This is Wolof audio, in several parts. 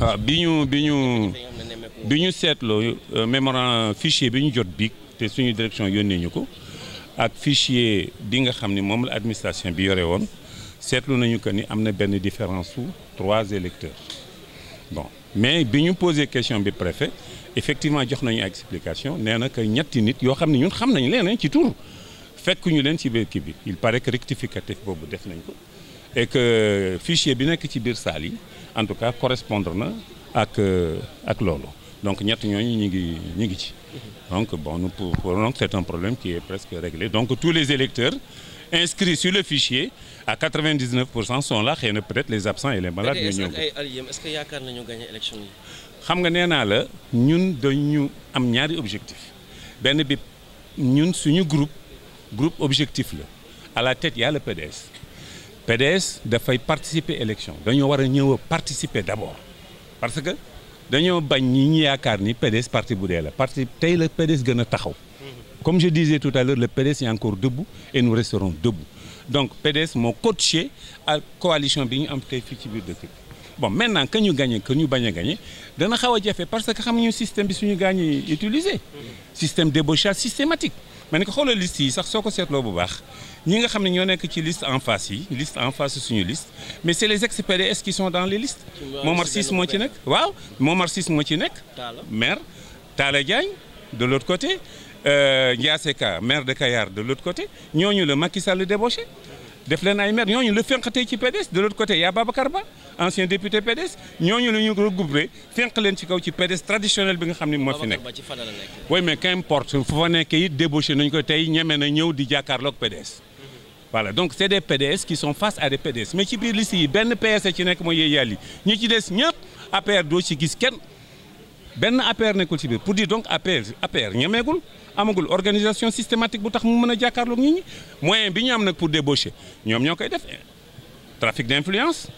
waaw ah, bi ñu bi ñu bi ñu seetloo euh, mémorandum fichier bi ñu jot bi te suñu direction yónnee ñu ko ak fichier bi nga xam ne moom la administration bi yore woon seetlu nañu que ni am na benn différence su trois électeurs bon mais bi ñu posé question bi préfet effectivement jox nañu explication nee nag ñetti nit yoo xam ne ñun xam nañ leen ci tur fekk ñu leen ci biir kii bi il paraît rectificatif boobu def nañ ko et que fichier bi nekk ci biir saal yi en tout cas correspondre na ak euh, ak loolu donc ñett ñooñu ñu ngi ñu ngi ci donc bon nous pouvons donc c'est un problème qui est presque réglé donc tous les électeurs inscrits sur le fichier à 99 pour cent sont là xëy na peut-être les absents et les malades ñoo ñëw est-ce que yaakaar nañu gagner élection yi xam nga nee naa la ñun dañu am ñaari objectif benn bi ñun suñu groupe groupe objectif la à la tête y a le PDS dafay participer élection dañoo war a ñëw participer d'abord parce que dañoo bañ ñi ñu yaakaar ni PDS parti bu dee la parti tey la PDS gën a taxaw comme je disais tout à l'heure le PDS est encore debout et nous resterons debout donc PDS moo coaché ak coalition bi ñu am tey fii ci biir dëkk bi bon maintenant que ñu gagné que ñu bañ a gagné dana xaw a jafe parce que xam ñu système bi su gaañ yi utiliser système d'ébauchage systématique mais ni ko xoolee liste yi sax soo ko seetloo bu baax ñi nga xam ne ñoo nekk ci liste en face yi liste en face suñu liste mais c'est les ex-PDS qui sont dans les listes Momar Ciss moo ci nekk waaw Momar Ciss moo ci nekk maire Talla Diagne de l'autre côté euh, Ndiassé Ka maire de Kayar de l'autre côté ñoo ñu la Macky Sall débauché def leen ay maire ñooñu la fenq tey ci PDS de l'autre côté y a Babacar Ba ancien député PDS ñooñu la ñu regroupé fenq leen ci kaw ci PDS traditionnel bi nga xam ne moo fi nekk oui mais qu'importe fu fa nekkee it débauché nañu tey ñeme na ñëw di jàkkaarloog PDS voilà donc c'est des PDS qui sont face à des PDS mais ci biir liste yi benn PS ci nekk mooy Yeye Yali ñi ci des ñëpp APR doo ci gis kenn benn APR nekkul ci biir pour dire donc APR APR ñemeegul amagul organisation systématique bu tax mu mën a jàkkaarloog nit ñi moyen bi ñu am nag pour débaucher ñoom ñoo koy def trafic d'influence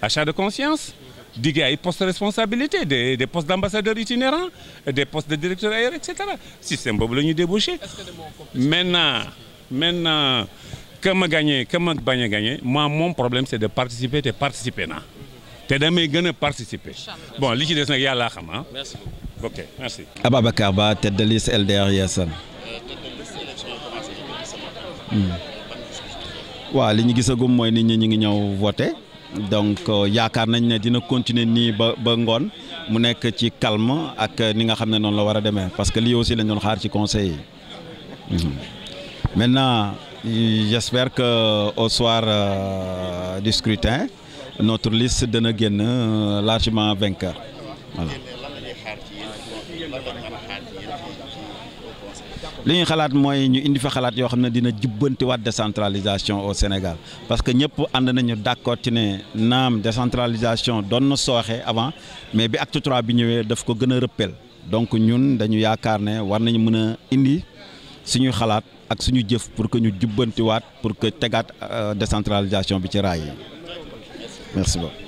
achat de conscience digg ay postes de responsabilité des des postes d'ambassadeurs itinérants des postes de directeurs ailleurs et cetera système boobu la ñuy débaucher maintenant maintenant que ma gagné que ma bañ a gagné moi mon problème c'est de participer te participer naa te damay gën a participer bon li ci des nag yàllaa xam ah. merci beaucoup ok merci. Ba tête LDR Yeesal. Euh, hmm. euh, waaw li ñu gisagum mooy nit ñi ñu ngi ñëw voté donc euh, yaakaar nañ ne dina continuer nii ba ba ngoon mu nekk ci calme ak ni nga xam ne noonu la war a demee parce que lii aussi lañ doon xaar ci conseil yi. Hmm. maintenant j'espère que au soir euh, du scrutin. notre liste dana génn euh, largement vainqueur voilà. li ñuy xalaat mooy ñu indi fa xalaat yoo xam ne dina jubbantiwaat décentralisation au Sénégal parce que ñëpp ànd nañu d'accord ci ne naam décentralisation doon na sooxe avant mais bi acte bi ñëwee daf ko gën a rëppel donc ñun dañu yaakaar ne war nañu mën a indi suñu xalaat ak suñu jëf pour que ñu jubbantiwaat pour que tegaat euh, décentralisation bi ci raay yi merci beaucoup.